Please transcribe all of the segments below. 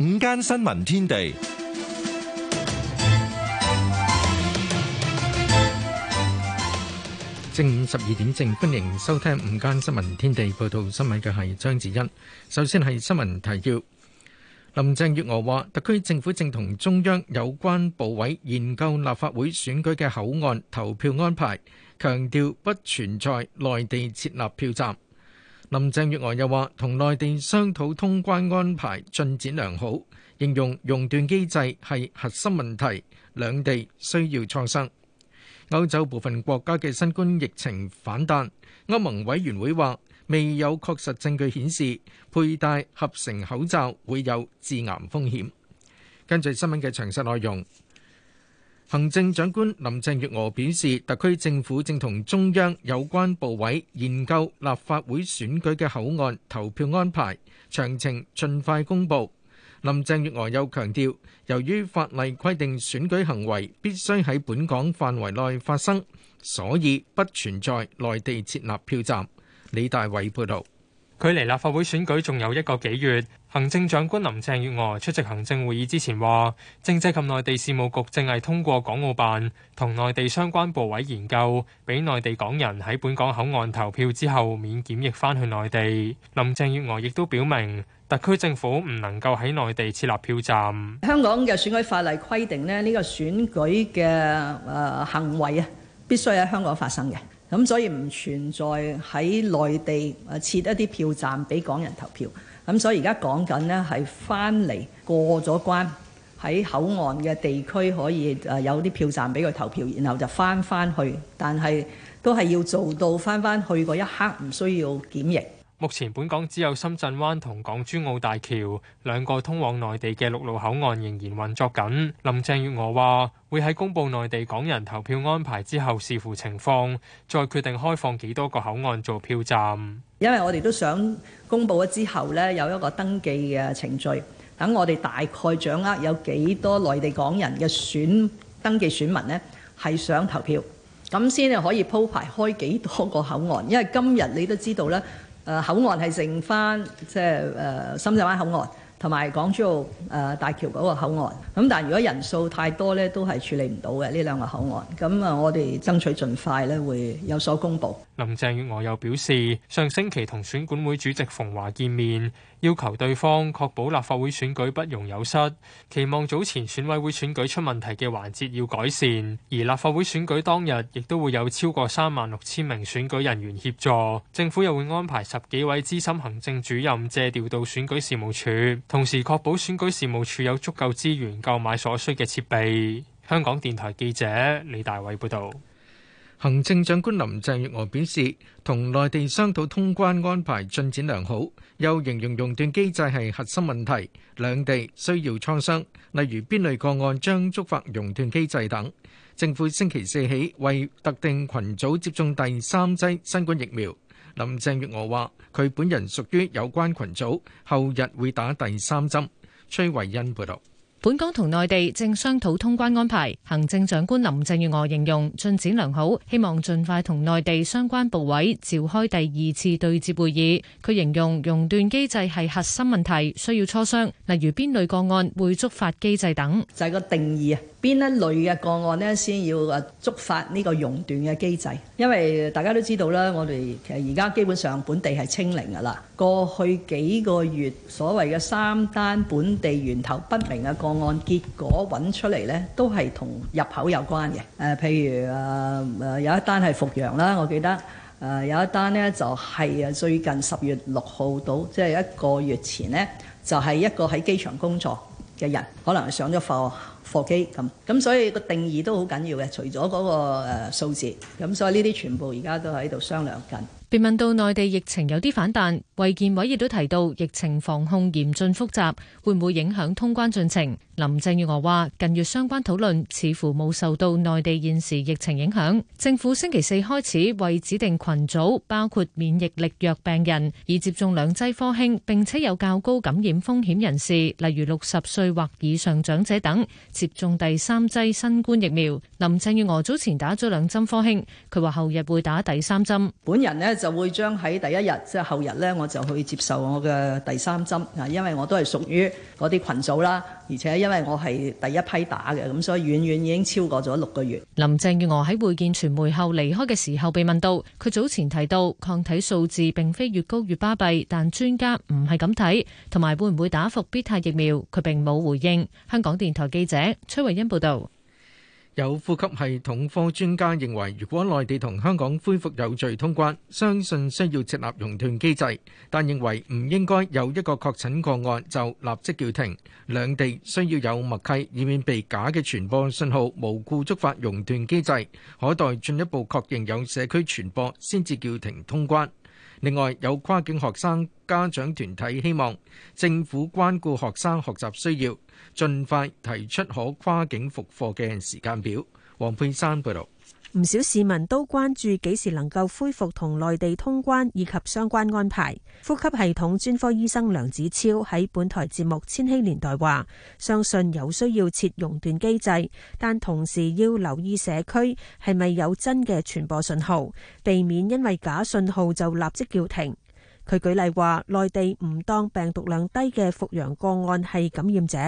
午間新聞天地，正午十二點正，歡迎收聽午間新聞天地。報道新聞嘅係張子欣。首先係新聞提要。林鄭月娥話，特區政府正同中央有關部委研究立法會選舉嘅口岸投票安排，強調不存在內地設立票站。林鄭月娥又話：同內地商討通關安排進展良好，形容熔斷機制係核心問題，兩地需要磋商。歐洲部分國家嘅新冠疫情反彈，歐盟委員會話未有確實證據顯示佩戴合成口罩會有致癌風險。跟住新聞嘅詳細內容。行政長官林鄭月娥表示，特區政府正同中央有關部委研究立法會選舉嘅口岸投票安排，詳情盡快公佈。林鄭月娥又強調，由於法例規定選舉行為必須喺本港範圍內發生，所以不存在內地設立票站。李大偉報道，距離立法會選舉仲有一個幾月。行政長官林鄭月娥出席行政會議之前話：政制及內地事務局正係通過港澳辦同內地相關部委研究，俾內地港人喺本港口岸投票之後免檢疫返去內地。林鄭月娥亦都表明，特區政府唔能夠喺內地設立票站。香港嘅選舉法例規定咧，呢、呢個選舉嘅誒、呃、行為啊，必須喺香港發生嘅，咁所以唔存在喺內地誒設一啲票站俾港人投票。咁、嗯、所以而家講緊咧，係翻嚟過咗關，喺口岸嘅地區可以誒有啲票站俾佢投票，然後就翻翻去，但係都係要做到翻翻去嗰一刻唔需要檢疫。目前本港只有深圳灣同港珠澳大橋兩個通往內地嘅陸路口岸仍然運作緊。林鄭月娥話，會喺公布內地港人投票安排之後，視乎情況再決定開放幾多個口岸做票站。因為我哋都想公布咗之後咧，有一個登記嘅程序，等我哋大概掌握有幾多內地港人嘅選登記選民咧，係想投票，咁先至可以鋪排開幾多個口岸。因為今日你都知道啦。誒口岸係剩翻，即係誒深圳灣口岸同埋港珠澳誒大橋嗰個口岸，咁但係如果人數太多咧，都係處理唔到嘅呢兩個口岸。咁啊，我哋爭取盡快咧會有所公佈。林鄭月娥又表示，上星期同選管會主席馮驊見面。要求對方確保立法會選舉不容有失，期望早前選委會選舉出問題嘅環節要改善，而立法會選舉當日亦都會有超過三萬六千名選舉人員協助，政府又會安排十幾位資深行政主任借調到選舉事務處，同時確保選舉事務處有足夠資源購買所需嘅設備。香港電台記者李大偉報導。行政長官林鄭月娥表示，同內地商討通關安排進展良好，又形容熔斷機制係核心問題，兩地需要磋商，例如邊類個案將觸發熔斷機制等。政府星期四起為特定群組接種第三劑新冠疫苗。林鄭月娥話：佢本人屬於有關群組，後日會打第三針，崔維恩報道。本港同內地正商討通關安排，行政長官林鄭月娥形容進展良好，希望盡快同內地相關部委召開第二次對接會議。佢形容熔斷機制係核心問題，需要磋商，例如邊類個案會觸發機制等。就係個定義啊。邊一類嘅個案呢，先要誒觸發呢個熔斷嘅機制？因為大家都知道啦，我哋其實而家基本上本地係清零㗎喇。過去幾個月所謂嘅三單本地源頭不明嘅個案，結果揾出嚟呢都係同入口有關嘅。誒、呃，譬如誒、呃、有一單係復陽啦，我記得誒、呃、有一單呢就係、是、最近十月六號到，即、就、係、是、一個月前呢，就係、是、一個喺機場工作。嘅人可能上咗課課機咁、咁，所以個定義都好緊要嘅。除咗嗰個誒、數字，咁所以呢啲全部而家都喺度商量緊。被問到內地疫情有啲反彈，衞健委亦都提到疫情防控嚴峻複雜，會唔會影響通關進程？林鄭月娥話：近月相關討論似乎冇受到內地現時疫情影響。政府星期四開始為指定群組，包括免疫力弱病人、已接種兩劑科興並且有較高感染風險人士，例如六十歲或以上長者等，接種第三劑新冠疫苗。林鄭月娥早前打咗兩針科興，佢話後日會打第三針。本人呢就會將喺第一日，即係後日呢，我就去接受我嘅第三針啊，因為我都係屬於嗰啲群組啦。而且因為我係第一批打嘅，咁所以遠遠已經超過咗六個月。林鄭月娥喺會見傳媒後離開嘅時候被問到，佢早前提到抗體數字並非越高越巴閉，但專家唔係咁睇，同埋會唔會打復必泰疫苗，佢並冇回應。香港電台記者崔慧欣報道。有呼吸系統科專家認為，如果內地同香港恢復有序通關，相信需要設立熔斷機制，但認為唔應該有一個確診個案就立即叫停。兩地需要有默契，以免被假嘅傳播信號無故觸發熔斷機制，可待進一步確認有社區傳播先至叫停通關。另外，有跨境學生家長團體希望政府關顧學生學習需要，盡快提出可跨境復課嘅時間表。黃佩珊報道。唔少市民都關注幾時能夠恢復同內地通關以及相關安排。呼吸系統專科醫生梁子超喺本台節目《千禧年代》話：相信有需要設熔斷機制，但同時要留意社區係咪有真嘅傳播信號，避免因為假信號就立即叫停。佢舉例話：內地唔當病毒量低嘅復陽個案係感染者，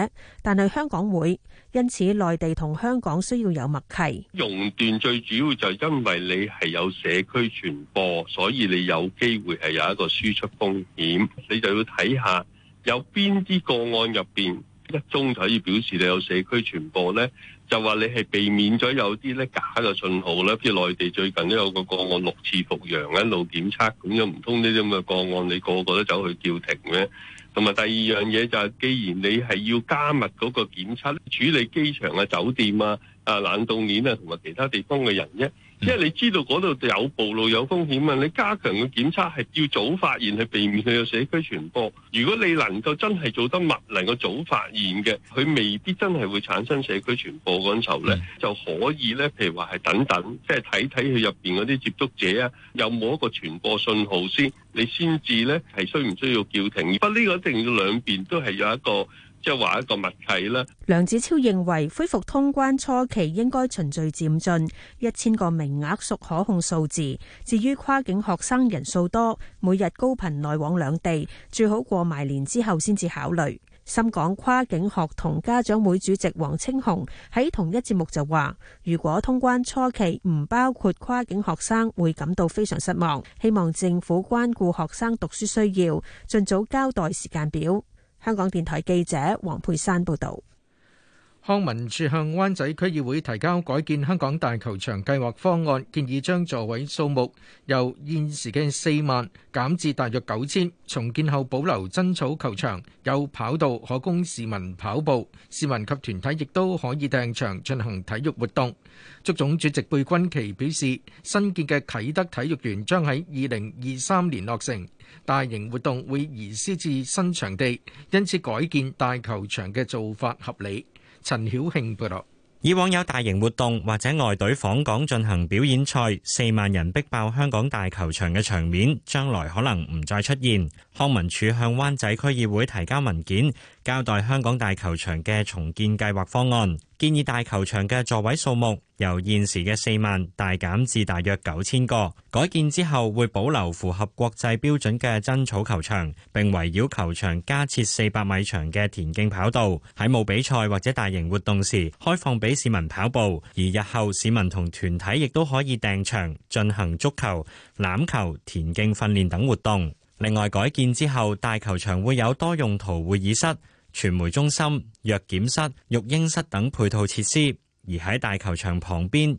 但係香港會。因此，內地同香港需要有默契。熔斷最主要就因為你係有社區傳播，所以你有機會係有一個輸出風險。你就要睇下有邊啲個案入面一宗就可以表示你有社區傳播呢。就話你係避免咗有啲咧假嘅信號咧，譬如內地最近都有個個案六次復陽，一路檢測咁樣，唔通呢啲咁嘅個案你個個都走去叫停咩？同埋第二樣嘢就係，既然你係要加密嗰個檢測，處理機場啊、酒店啊、啊冷凍鏈啊，同埋其他地方嘅人一。即係你知道嗰度有暴露有風險啊！你加強嘅檢測係要早發現去避免佢有社區傳播。如果你能夠真係做得密，能夠早發現嘅，佢未必真係會產生社區傳播嗰陣時候咧，就可以咧。譬如話係等等，即係睇睇佢入邊嗰啲接觸者啊，有冇一個傳播信號先，你先至咧係需唔需要叫停？不過呢個一定要兩邊都係有一個。即係話一個默契啦。梁子超認為恢復通關初期應該循序漸進，一千個名額屬可控數字。至於跨境學生人數多，每日高頻來往兩地，最好過埋年之後先至考慮。深港跨境學童家長會主席黃清雄喺同一節目就話，如果通關初期唔包括跨境學生，會感到非常失望。希望政府關顧學生讀書需要，盡早交代時間表。香港電台記者黃佩珊報道。康文署向灣仔區議會提交改建香港大球場計劃方案，建議將座位數目由現時嘅四萬減至大約九千。重建後保留真草球場，有跑道可供市民跑步，市民及團體亦都可以訂場進行體育活動。足總主席貝鈞奇表示，新建嘅啟德體育園將喺二零二三年落成，大型活動會移師至新場地，因此改建大球場嘅做法合理。陳曉慶報道：以往有大型活動或者外隊訪港進行表演賽，四萬人逼爆香港大球場嘅場面，將來可能唔再出現。康文署向灣仔區議會提交文件，交代香港大球場嘅重建計劃方案，建議大球場嘅座位數目。由現時嘅四萬大減至大約九千個，改建之後會保留符合國際標準嘅真草球場，並圍繞球場加設四百米長嘅田徑跑道，喺冇比賽或者大型活動時開放俾市民跑步。而日後市民同團體亦都可以訂場進行足球、籃球、田徑訓練等活動。另外，改建之後大球場會有多用途會議室、傳媒中心、藥檢室、育嬰室等配套設施。而喺大球場旁邊，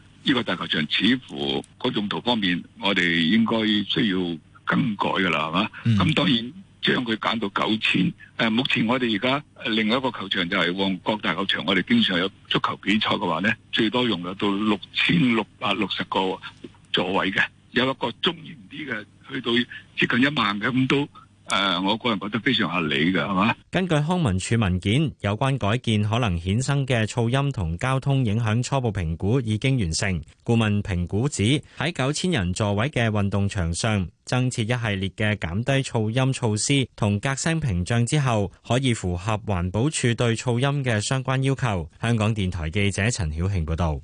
呢個大球場似乎嗰用途方面，我哋應該需要更改噶啦，係嘛？咁、嗯、當然將佢減到九千。誒，目前我哋而家另外一個球場就係旺角大球場，我哋經常有足球比賽嘅話呢，最多容納到六千六百六十個座位嘅，有一個中型啲嘅，去到接近一萬嘅咁都。誒、啊，我個人覺得非常合理㗎，係嘛？根據康文署文件，有關改建可能衍生嘅噪音同交通影響初步評估已經完成。顧問評估指喺九千人座位嘅運動場上，增設一系列嘅減低噪音措施同隔聲屏障之後，可以符合環保署對噪音嘅相關要求。香港電台記者陳曉慶報導。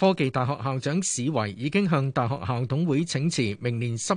科技大學校長史維已經向大學校董會請辭，明年十。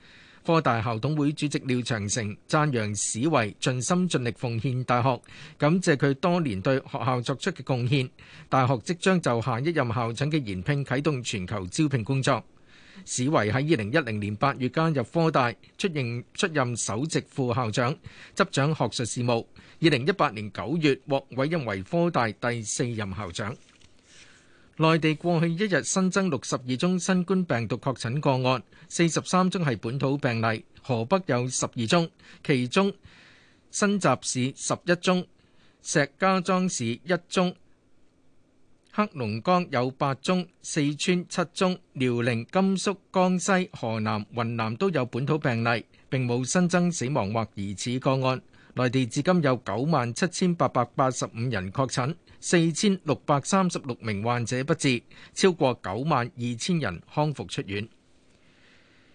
科大校董會主席廖長成讚揚史維盡心盡力奉獻大學，感謝佢多年對學校作出嘅貢獻。大學即將就下一任校長嘅延聘啟動全球招聘工作。史維喺二零一零年八月加入科大，出任出任首席副校長，執掌學術事務。二零一八年九月獲委任為科大第四任校長。內地過去一日新增六十二宗新冠病毒確診個案，四十三宗係本土病例。河北有十二宗，其中辛集市十一宗，石家莊市一宗。黑龍江有八宗，四川七宗，遼寧、甘肅、江西、河南、雲南都有本土病例，並冇新增死亡或疑似個案。內地至今有九萬七千八百八十五人確診，四千六百三十六名患者不治，超過九萬二千人康復出院。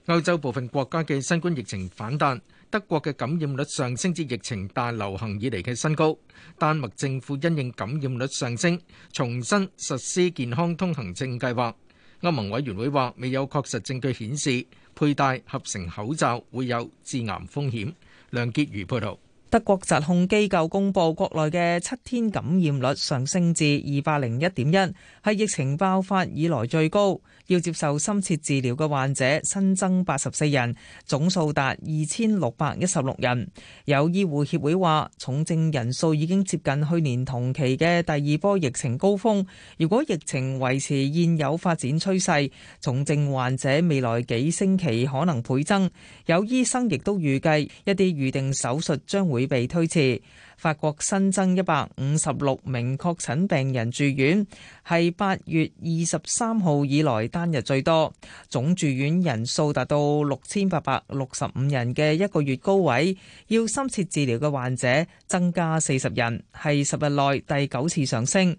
歐洲部分國家嘅新冠疫情反彈，德國嘅感染率上升至疫情大流行以嚟嘅新高。丹麥政府因應感染率上升，重新實施健康通行證計劃。歐盟委員會話，未有確實證據顯示佩戴合成口罩會有致癌風險。梁潔如報道。德國疾控機構公布，國內嘅七天感染率上升至二百零一點一，係疫情爆發以來最高。要接受深切治療嘅患者新增八十四人，總數達二千六百一十六人。有醫護協會話，重症人數已經接近去年同期嘅第二波疫情高峰。如果疫情維持現有發展趨勢，重症患者未來幾星期可能倍增。有醫生亦都預計一啲預定手術將會被推遲。法國新增一百五十六名確診病人住院，係八月二十三號以來單日最多，總住院人數達到六千八百六十五人嘅一個月高位。要深切治療嘅患者增加四十人，係十日內第九次上升。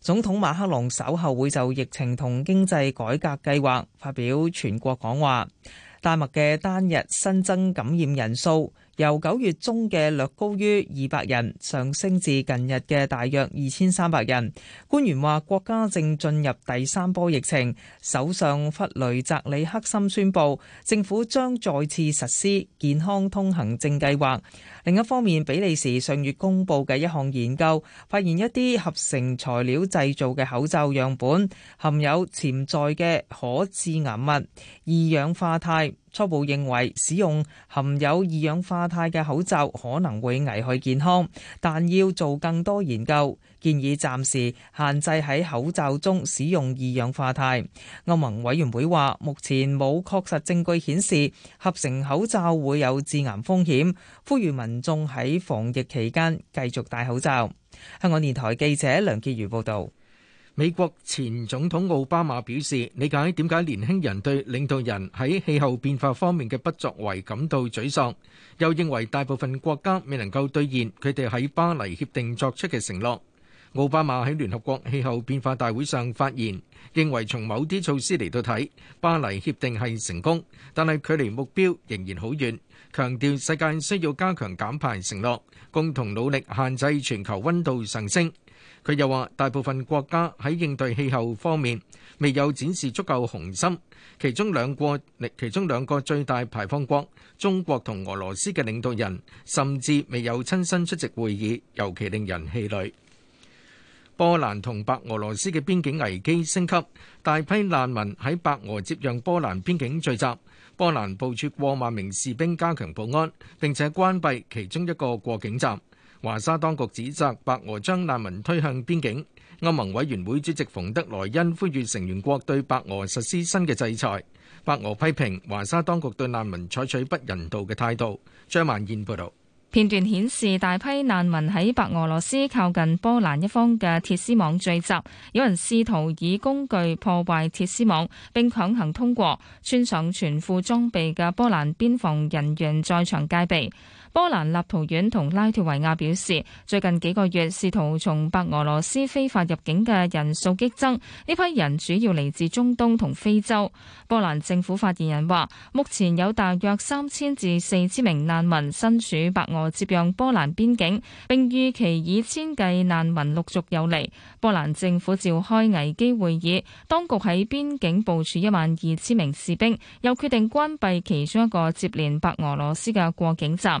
總統馬克龍稍後會就疫情同經濟改革計劃發表全國講話。丹麥嘅單日新增感染人數，由九月中嘅略高於二百人上升至近日嘅大約二千三百人。官員話國家正進入第三波疫情。首相弗雷澤里克森宣佈，政府將再次實施健康通行證計劃。另一方面，比利時上月公布嘅一項研究，發現一啲合成材料製造嘅口罩樣本含有潛在嘅可致癌物二氧化鈦，初步認為使用含有二氧化鈦嘅口罩可能會危害健康，但要做更多研究。建議暫時限制喺口罩中使用二氧化鈦。歐盟委員會話，目前冇確實證據顯示合成口罩會有致癌風險，呼籲民眾喺防疫期間繼續戴口罩。香港電台記者梁潔如報道。美國前總統奧巴馬表示，理解點解年輕人對領導人喺氣候變化方面嘅不作為感到沮喪，又認為大部分國家未能夠兌現佢哋喺巴黎協定作出嘅承諾。奧巴馬喺聯合國氣候變化大會上發言，認為從某啲措施嚟到睇，巴黎協定係成功，但係距離目標仍然好遠。強調世界需要加強減排承諾，共同努力限制全球溫度上升。佢又話，大部分國家喺應對氣候方面未有展示足夠雄心，其中兩國，其中兩個最大排放國中國同俄羅斯嘅領導人甚至未有親身出席會議，尤其令人氣餒。波蘭同白俄羅斯嘅邊境危機升級，大批難民喺白俄接壤波蘭邊境聚集。波蘭部署過萬名士兵加強保安，並且關閉其中一個過境站。華沙當局指責白俄將難民推向邊境。歐盟委員會主席馮德萊恩呼籲成員國對白俄實施新嘅制裁。白俄批評華沙當局對難民採取不人道嘅態度。張萬燕報導。片段顯示大批難民喺白俄羅斯靠近波蘭一方嘅鐵絲網聚集，有人試圖以工具破壞鐵絲網，並強行通過，穿上全副裝備嘅波蘭邊防人員在場戒備。波蘭、立陶宛同拉脫維亞表示，最近幾個月試圖從白俄羅斯非法入境嘅人數激增。呢批人主要嚟自中東同非洲。波蘭政府發言人話，目前有大約三千至四千名難民身處白俄接壤波蘭邊境，並預期以千計難民陸續有嚟。波蘭政府召開危機會議，當局喺邊境部署一萬二千名士兵，又決定關閉其中一個接連白俄羅斯嘅過境站。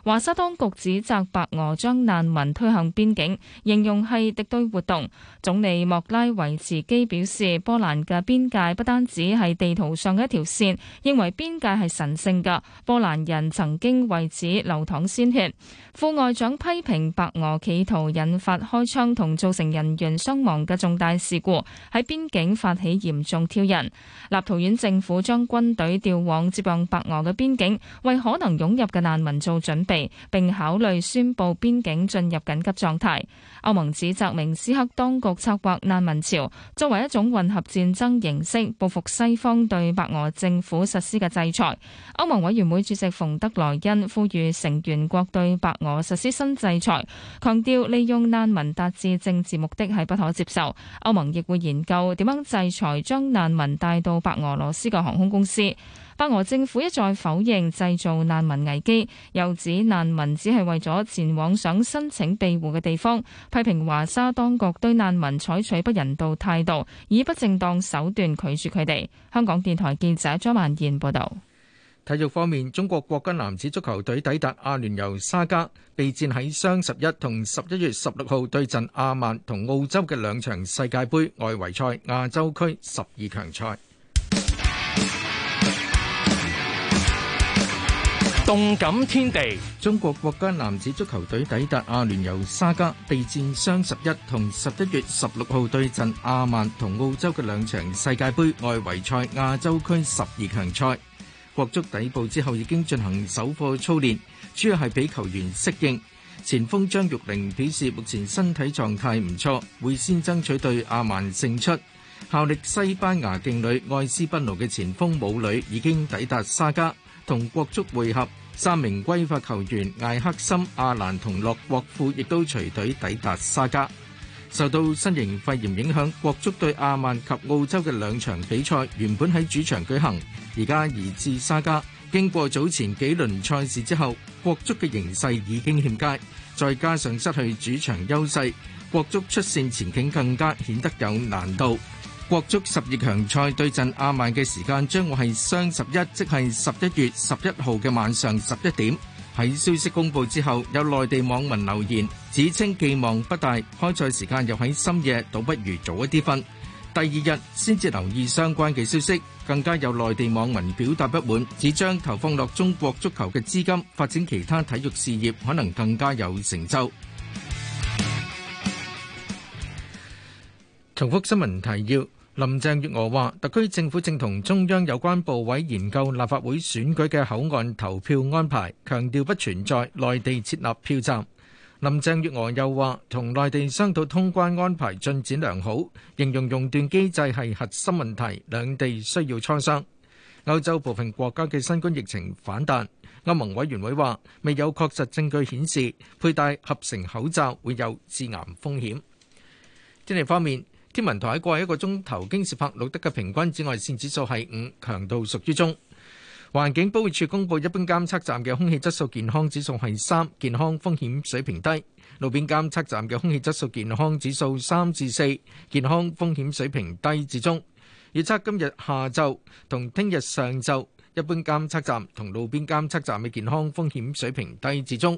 華沙當局指責白俄將難民推向邊境，形容係敵對活動。總理莫拉維茨基表示，波蘭嘅邊界不單止係地圖上嘅一條線，認為邊界係神聖嘅。波蘭人曾經為此流淌鮮血。副外長批評白俄企圖引發開槍同造成人員傷亡嘅重大事故，喺邊境發起嚴重挑釁。立陶宛政府將軍隊調往接近白俄嘅邊境，為可能湧入嘅難民做準備。並考慮宣布邊境進入緊急狀態。歐盟指責明斯克當局策劃難民潮，作為一種混合戰爭形式，報復西方對白俄政府實施嘅制裁。歐盟委員會主席馮德萊恩呼籲成員國對白俄實施新制裁，強調利用難民達至政治目的係不可接受。歐盟亦會研究點樣制裁將難民帶到白俄羅斯嘅航空公司。白俄政府一再否認製造難民危機，又指難民只係為咗前往想申請庇護嘅地方，批評華沙當局對難民採取不人道態度，以不正當手段拒絕佢哋。香港電台記者張曼燕報道：「體育方面，中國國家男子足球隊抵達阿聯酋沙迦，備戰喺雙十一同十一月十六號對陣阿曼同澳洲嘅兩場世界盃外圍賽亞洲區十二強賽。動感天地，中國國家男子足球隊抵達阿聯酋沙迦，備戰雙十一同十一月十六號對陣阿曼同澳洲嘅兩場世界盃外圍賽亞洲區十二強賽。國足抵埗之後已經進行首課操練，主要係俾球員適應。前鋒張玉寧表示，目前身體狀態唔錯，會先爭取對阿曼勝出。效力西班牙勁旅愛斯賓奴嘅前鋒武磊已經抵達沙迦，同國足匯合。三名歸化球員艾克森、阿蘭同洛國富亦都隨隊抵達沙加。受到新型肺炎影響，國足對阿曼及澳洲嘅兩場比賽原本喺主場舉行，而家移至沙加。經過早前幾輪賽事之後，國足嘅形勢已經欠佳，再加上失去主場優勢，國足出線前景更加顯得有難度。國足十二強賽對陣阿曼嘅時間將會係雙十一，即係十一月十一號嘅晚上十一點。喺消息公布之後，有內地網民留言，指稱寄望不大，開賽時間又喺深夜，倒不如早一啲瞓。第二日先至留意相關嘅消息，更加有內地網民表達不滿，只將投放落中國足球嘅資金，發展其他體育事業，可能更加有成就。重複新聞提要。林鄭月娥話：特區政府正同中央有關部委研究立法會選舉嘅口岸投票安排，強調不存在內地設立票站。林鄭月娥又話：同內地商討通關安排進展良好，形容熔斷機制係核心問題，兩地需要磋商。歐洲部分國家嘅新冠疫情反彈，歐盟委員會話未有確實證據顯示佩戴合成口罩會有致癌風險。天氣方面。天文台喺過去一個鐘頭京士柏錄得嘅平均紫外線指數係五，強度屬於中。環境保育署公布，一般監測站嘅空氣質素健康指數係三，健康風險水平低；路邊監測站嘅空氣質素健康指數三至四，健康風險水平低至中。預測今日下晝同聽日上晝，一般監測站同路邊監測站嘅健康風險水平低至中。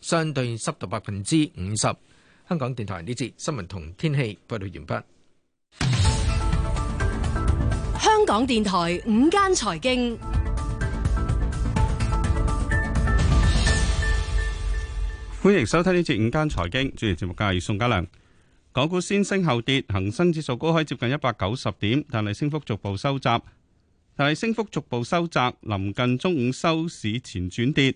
相對濕度百分之五十。香港電台呢節新聞同天氣報道完畢。香港電台午間財經，歡迎收聽呢節午間財經。主持節目嘅係宋家良。港股先升後跌，恒生指數高開接近一百九十點，但係升幅逐步收窄，但係升幅逐步收窄，臨近中午收市前轉跌。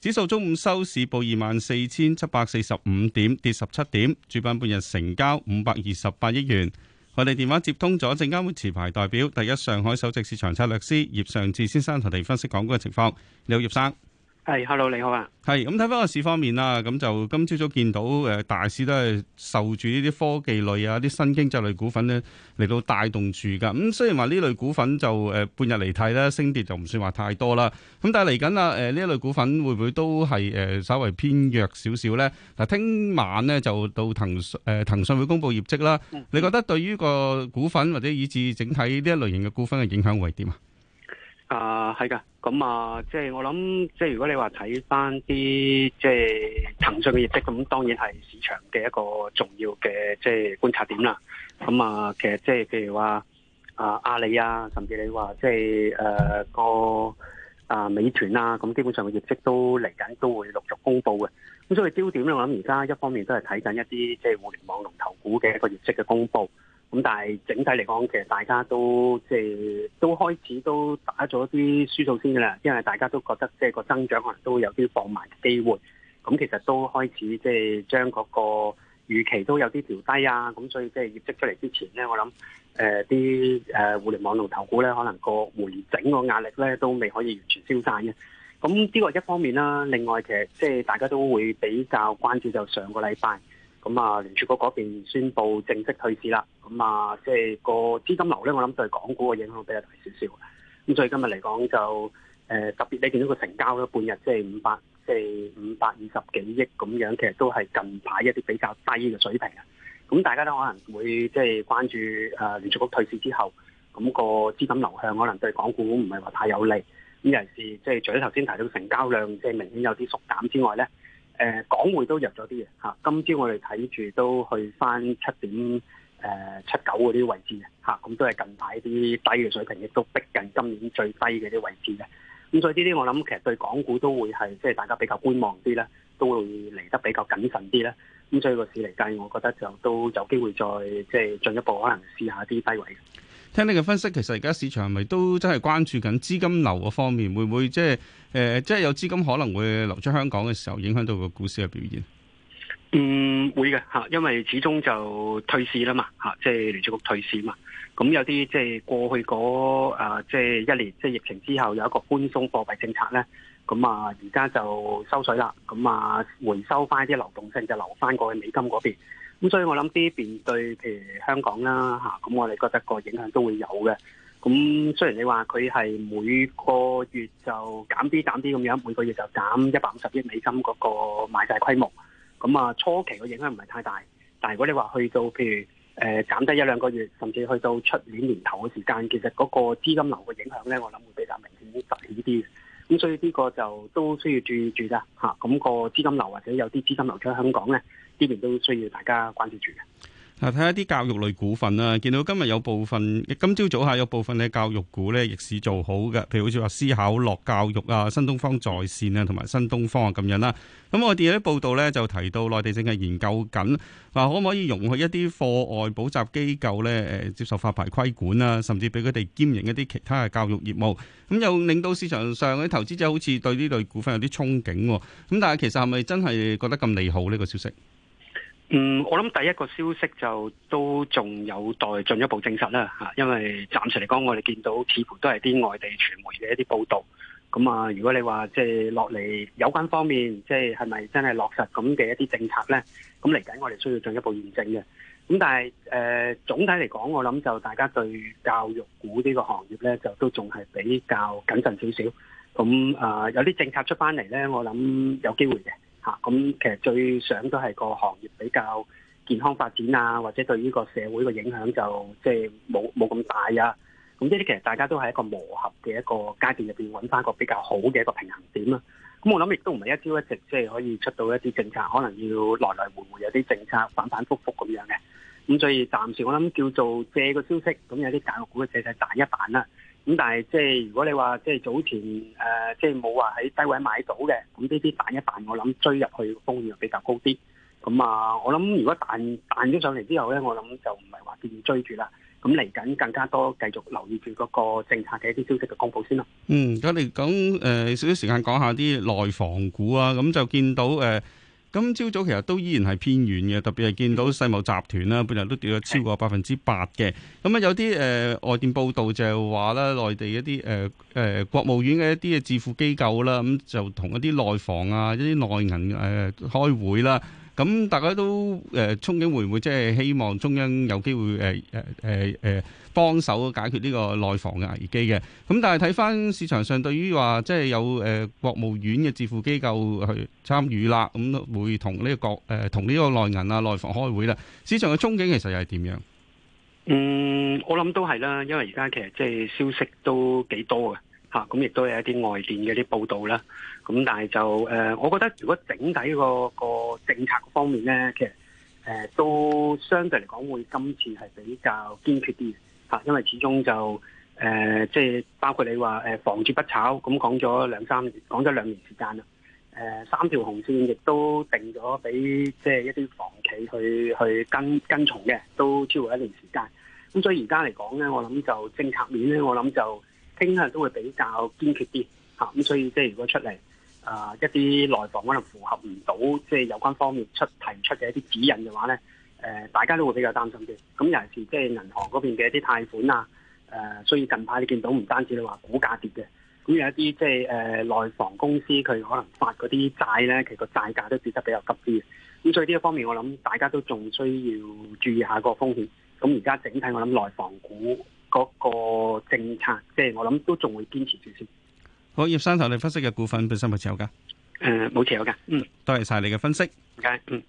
指數中午收市報二萬四千七百四十五點，跌十七點。主板半日成交五百二十八億元。我哋電話接通咗證監會持牌代表、第一上海首席市場策略師葉尚志先生同你分析港股嘅情況。你好，葉生。係，hello，你好啊。係，咁睇翻個市方面啦，咁就今朝早見到誒，大市都係受住呢啲科技類啊，啲新經濟類股份咧嚟到帶動住噶。咁雖然話呢類股份就誒半日嚟睇啦，升跌就唔算話太多啦。咁但係嚟緊啊，誒呢一類股份會唔會都係誒稍為偏弱少少咧？嗱，聽晚咧就到騰誒騰訊會公佈業績啦。嗯、你覺得對於個股份或者以至整體呢一類型嘅股份嘅影響會點啊？啊，係噶。咁啊，即係、嗯就是、我諗、即、就、係、是、如果你話睇翻啲即係騰訊嘅業績，咁當然係市場嘅一個重要嘅即係觀察點啦。咁、嗯、啊，其實即係譬如話啊阿里啊，甚至你話即係誒個啊美團啊，咁、啊、基本上嘅業績都嚟緊都會陸續公佈嘅。咁、啊、所以焦點咧，我諗而家一方面都係睇緊一啲即係互聯網龍頭股嘅一個業績嘅公佈。咁、嗯、但係整體嚟講，其實大家都即係都開始都打咗啲輸數先嘅啦，因為大家都覺得即係個增長可能都有啲放慢嘅機會。咁、嗯、其實都開始即係、就是、將嗰個預期都有啲調低啊。咁、嗯、所以即係業績出嚟之前咧，我諗誒啲誒互聯網龍頭股咧，可能個回整個壓力咧都未可以完全消散嘅。咁呢個一方面啦，另外其實即係大家都會比較關注就上個禮拜。咁啊，聯儲局嗰邊宣布正式退市啦。咁啊，即係個資金流咧，我諗對港股嘅影響比較大少少。咁所以今日嚟講就，誒特別你見到個成交咧，半日即係五百即係五百二十幾億咁樣，其實都係近排一啲比較低嘅水平啊。咁大家都可能會即係關注誒聯儲局退市之後，咁個資金流向可能對港股唔係話太有利。咁尤其是即係除咗頭先提到嘅成交量即係明顯有啲縮減之外咧。誒、呃、港匯都入咗啲嘅，嚇，今朝我哋睇住都去翻七點誒七九嗰啲位置嘅嚇，咁、啊、都係近排啲低嘅水平，亦都逼近今年最低嘅啲位置嘅。咁、啊、所以呢啲我諗，其實對港股都會係即係大家比較觀望啲啦，都會嚟得比較謹慎啲啦。咁、啊、所以個市嚟計，我覺得就都有機會再即係、就是、進一步可能試下啲低位。聽你嘅分析，其實而家市場係咪都真係關注緊資金流嘅方面，會唔會即係誒，即係有資金可能會流出香港嘅時候，影響到個股市嘅表現？嗯，會嘅，吓，因為始終就退市啦嘛吓、啊，即係聯儲局退市嘛，咁有啲即係過去嗰誒、啊、即係一年即係疫情之後有一個寬鬆貨幣政策咧，咁啊而家就收水啦，咁啊回收翻啲流動性就流翻過去美金嗰邊。咁所以我諗呢邊對譬如香港啦，吓咁我哋覺得個影響都會有嘅。咁雖然你話佢係每個月就減啲減啲咁樣，每個月就減一百五十億美金嗰個買債規模，咁啊初期個影響唔係太大。但係如果你話去到譬如誒減低一兩個月，甚至去到出年年頭嘅時間，其實嗰個資金流嘅影響咧，我諗會比較明顯啲、明顯啲。咁所以呢個就都需要注意住噶吓。咁個資金流或者有啲資金流出香港咧。呢邊都需要大家關注住嘅。嗱，睇下啲教育類股份啊，見到今日有部分，今朝早下有部分嘅教育股咧逆市做好嘅，譬如好似話思考樂教育啊、新東方在線啊，同埋新東方啊咁樣啦。咁我哋有啲報道咧就提到，內地正係研究緊，話可唔可以容許一啲課外補習機構咧誒接受發牌規管啊，甚至俾佢哋兼營一啲其他嘅教育業務。咁又令到市場上嘅投資者好似對呢類股份有啲憧憬。咁但係其實係咪真係覺得咁利好呢個消息？嗯，我諗第一個消息就都仲有待進一步證實啦嚇，因為暫時嚟講，我哋見到似乎都係啲外地傳媒嘅一啲報道。咁啊，如果你話即係落嚟有關方面，即係係咪真係落實咁嘅一啲政策呢？咁嚟緊我哋需要進一步驗證嘅。咁但係誒總體嚟講，我諗就大家對教育股呢個行業呢，就都仲係比較謹慎少少。咁啊，有啲政策出返嚟呢，我諗有機會嘅。吓，咁、嗯、其實最想都係個行業比較健康發展啊，或者對於呢個社會嘅影響就即係冇冇咁大啊。咁呢啲其實大家都係一個磨合嘅一個階段入邊，揾翻個比較好嘅一個平衡點啦、啊。咁、嗯、我諗亦都唔係一朝一夕，即係可以出到一啲政策，可能要來來回回有啲政策反反覆覆咁樣嘅。咁、嗯、所以暫時我諗叫做借個消息，咁、嗯、有啲教育股嘅借勢彈一彈啦、啊。咁但係即係如果你話即係早前誒、呃、即係冇話喺低位買到嘅，咁呢啲彈一彈，我諗追入去風險比較高啲。咁啊，我諗如果彈彈咗上嚟之後咧，我諗就唔係話勁追住啦。咁嚟緊更加多繼續留意住嗰個政策嘅一啲消息嘅公布先啦。嗯，咁你講誒、呃、少少時間講下啲內房股啊，咁就見到誒、呃今朝早其實都依然係偏軟嘅，特別係見到世茂集團啦，半日都跌咗超過百分之八嘅。咁啊、嗯，有啲誒、呃、外電報道就係話咧，內地一啲誒誒國務院嘅一啲嘅智庫機構啦，咁、嗯、就同一啲內房啊、一啲內銀誒、呃、開會啦。咁、嗯、大家都誒、呃、憧憬會唔會即係希望中央有機會誒誒誒誒。呃呃呃幫手解決呢個內房嘅危機嘅，咁但係睇翻市場上對於話即係有誒、呃、國務院嘅智庫機構去參與啦，咁、嗯、會同呢、這個國誒、呃、同呢個內銀啊內房開會啦，市場嘅憧憬其實又係點樣？嗯，我諗都係啦，因為而家其實即係消息都幾多嘅吓，咁、啊、亦都有一啲外電嘅啲報道啦，咁、啊、但係就誒、呃，我覺得如果整體個個政策方面咧，其實誒、呃、都相對嚟講會今次係比較堅決啲。啊，因為始終就誒、呃，即係包括你話誒，房住不炒咁講咗兩三年，講咗兩年時間啦。誒、呃，三條紅線亦都定咗俾即係一啲房企去去跟跟從嘅，都超過一年時間。咁、嗯、所以而家嚟講咧，我諗就政策面咧，我諗就傾向都會比較堅決啲嚇。咁、嗯、所以即係如果出嚟啊、呃，一啲內房可能符合唔到即係有關方面出提出嘅一啲指引嘅話咧。誒，大家都會比較擔心嘅，咁尤其是即係銀行嗰邊嘅一啲貸款啊，誒、呃，所以近排你見到唔單止你話股價跌嘅，咁有一啲即係誒內房公司佢可能發嗰啲債咧，其實個債價都跌得比較急啲嘅，咁所以呢一方面我諗大家都仲需要注意下個風險，咁而家整體我諗內房股嗰個政策，即、就、係、是、我諗都仲會堅持住先。好，葉生頭你分析嘅股份本身有冇持有噶？誒、嗯，冇持有噶。嗯，多謝晒你嘅分析。唔該。嗯。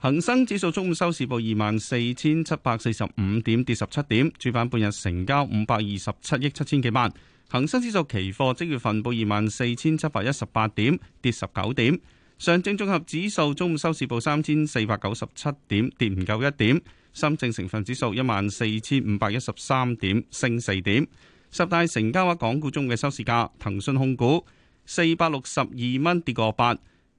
恒生指數中午收市報二萬四千七百四十五點，跌十七點。主板半日成交五百二十七億七千幾萬。恒生指數期貨即月份報二萬四千七百一十八點，跌十九點。上證綜合指數中午收市報三千四百九十七點，跌唔夠一點。深證成分指數一萬四千五百一十三點，升四點。十大成交額港股中嘅收市價，騰訊控股四百六十二蚊，跌個八。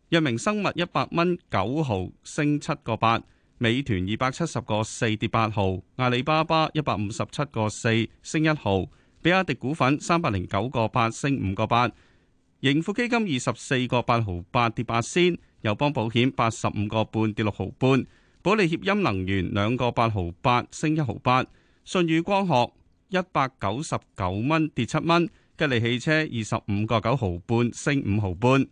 藥明生物一百蚊九毫升七個八，美團二百七十個四跌八毫，阿里巴巴一百五十七個四升一毫，比亞迪股份三百零九個八升五個八，盈富基金二十四個八毫八跌八仙，友邦保險八十五個半跌六毫半，保利協鑫能源兩個八毫八升一毫八，舜宇光學一百九十九蚊跌七蚊，吉利汽車二十五個九毫半升五毫半。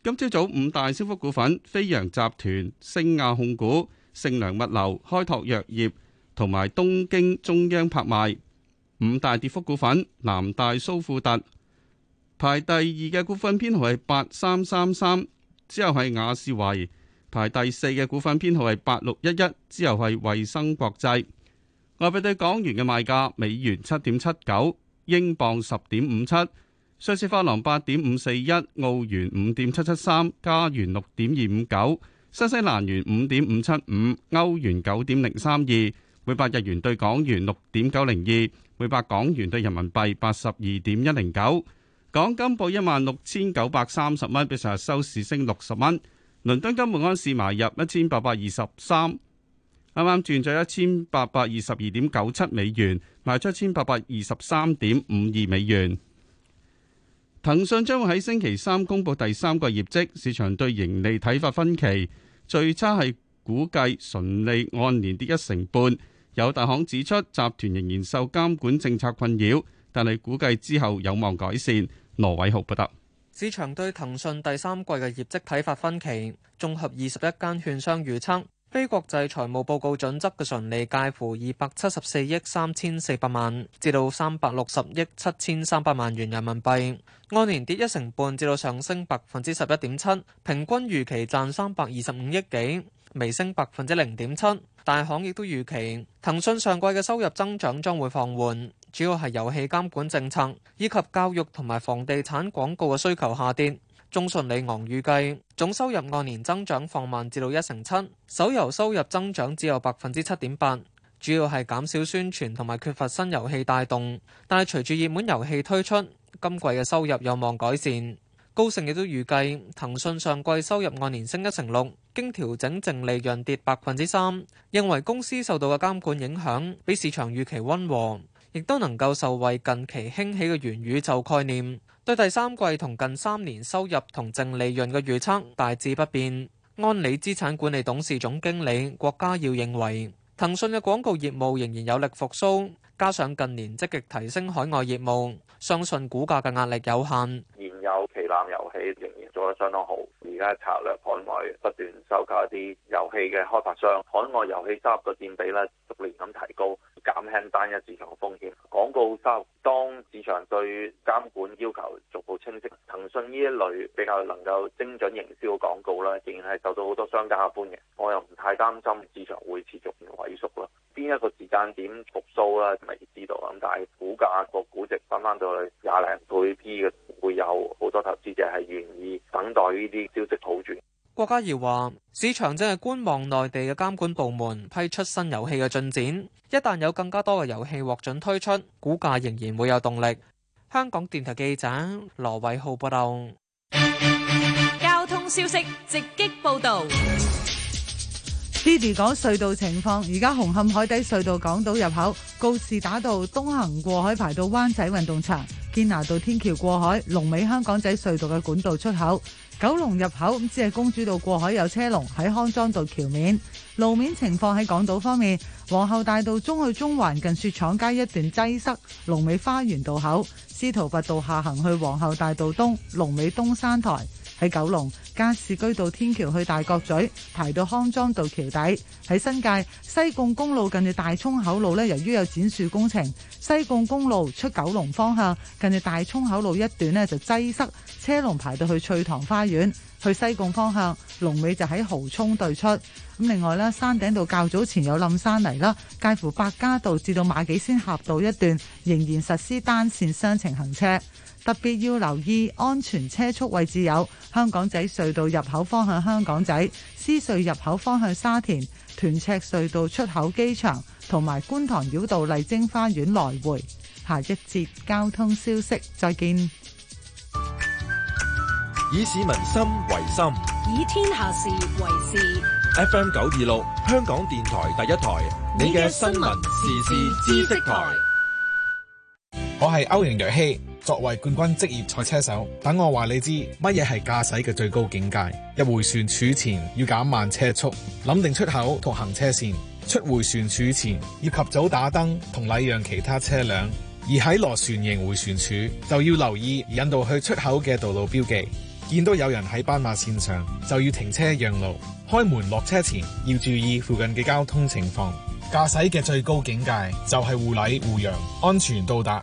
今朝早，早五大升幅股份：飛揚集團、星亞控股、盛良物流、開拓藥業同埋東京中央拍賣。五大跌幅股份：南大蘇富特。排第二嘅股份編號係八三三三，之後係亞士維。排第四嘅股份編號係八六一一，之後係衛生國際。外幣兌港元嘅賣價：美元七點七九，英鎊十點五七。瑞士法郎八點五四一，澳元五點七七三，加元六點二五九，新西蘭元五點五七五，歐元九點零三二，每百日元對港元六點九零二，每百港元對人民幣八十二點一零九。港金報一萬六千九百三十蚊，比上日收市升六十蚊。倫敦金每安士買入一千八百二十三，啱啱轉咗一千八百二十二點九七美元，賣出一千八百二十三點五二美元。騰訊將會喺星期三公布第三季業績，市場對盈利睇法分歧，最差係估計純利按年跌一成半。有大行指出，集團仍然受監管政策困擾，但係估計之後有望改善。羅偉豪報道，市場對騰訊第三季嘅業績睇法分歧，綜合二十一間券商預測。非國際財務報告準則嘅純利介乎二百七十四億三千四百萬至到三百六十億七千三百萬元人民幣，按年跌一成半至到上升百分之十一點七，平均預期賺三百二十五億幾，微升百分之零點七。大行亦都預期，騰訊上季嘅收入增長將會放緩，主要係遊戲監管政策，以及教育同埋房地產廣告嘅需求下跌。中信里昂預計總收入按年增長放慢至到一成七，手遊收入增長只有百分之七點八，主要係減少宣傳同埋缺乏新遊戲帶動。但係隨住熱門遊戲推出，今季嘅收入有望改善。高盛亦都預計騰訊上季收入按年升一成六，經調整淨利潤跌百分之三，認為公司受到嘅監管影響比市場預期溫和，亦都能夠受惠近期興起嘅元宇宙概念。對第三季同近三年收入同淨利潤嘅預測大致不變。安理資產管理董事總經理郭家耀認為，騰訊嘅廣告業務仍然有力復蘇，加上近年積極提升海外業務，相信股價嘅壓力有限。現有旗艦遊戲仍然做得相當好，而家策略海外不斷收購一啲遊戲嘅開發商，海外遊戲收入嘅佔比咧逐年咁提高。減輕單一市場風險，廣告商當市場對監管要求逐步清晰，騰訊呢一類比較能夠精準營銷嘅廣告啦，仍然係受到好多商家嘅歡迎。我又唔太擔心市場會持續萎縮咯，邊一個時間點復甦啊，未知道。咁但係股價個估值翻翻到去廿零倍 P 嘅，會有好多投資者係願意等待呢啲消息好轉。郭嘉儀話：市場正係觀望內地嘅監管部門批出新遊戲嘅進展，一旦有更加多嘅遊戲獲准推出，股價仍然會有動力。香港電台記者羅偉浩報道。交通消息直擊報道。爹哋講隧道情況，而家紅磡海底隧道港島入口告士打道東行過海排到灣仔運動場，堅拿道天橋過海，龍尾香港仔隧道嘅管道出口，九龍入口只係公主道過海有車龍喺康莊道橋面路面情況。喺港島方面，皇后大道中去中環近雪廠街一段擠塞，龍尾花園道口，司徒拔道下行去皇后大道東，龍尾東山台。喺九龍加士居道天橋去大角咀排到康莊道橋底；喺新界西貢公路近住大涌口路咧，由於有剪樹工程，西貢公路出九龍方向近住大涌口路一段咧就擠塞，車龍排到去翠塘花園；去西貢方向龍尾就喺蠔涌對出。咁另外咧，山頂道較早前有冧山泥啦，介乎百家道至到馬己仙峽道一段仍然實施單線雙程行車，特別要留意安全車速位置有。香港仔隧道入口方向，香港仔；獅隧入口方向，沙田；屯赤隧道出口，機場同埋觀塘繞道麗晶花園來回。下一節交通消息，再見。以市民心為心，以天下事為事。FM 九二六，香港電台第一台，你嘅新聞時事知識台。我係歐陽若希。作為冠軍職業賽車手，等我話你知乜嘢係駕駛嘅最高境界。入回旋處前要減慢車速，諗定出口同行車線；出回旋處前要及早打燈同禮讓其他車輛。而喺螺旋形回旋處就要留意引導去出口嘅道路標記，見到有人喺斑馬線上就要停車讓路。開門落車前要注意附近嘅交通情況。駕駛嘅最高境界就係護禮護讓，安全到達。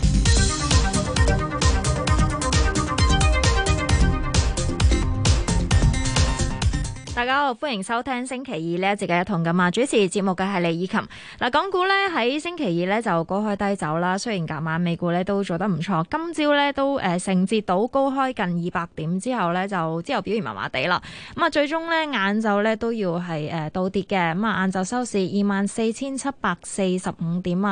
大家好，歡迎收聽星期二呢一節嘅《一堂咁啊》，主持節目嘅係李以琴。嗱，港股呢喺星期二呢就高開低走啦。雖然隔晚美股呢都做得唔錯，今朝呢都誒承接到高開近二百點之後呢就之後表現麻麻地啦。咁啊，最終呢晏晝呢都要係誒倒跌嘅。咁啊，晏晝收市二萬四千七百四十五點啊。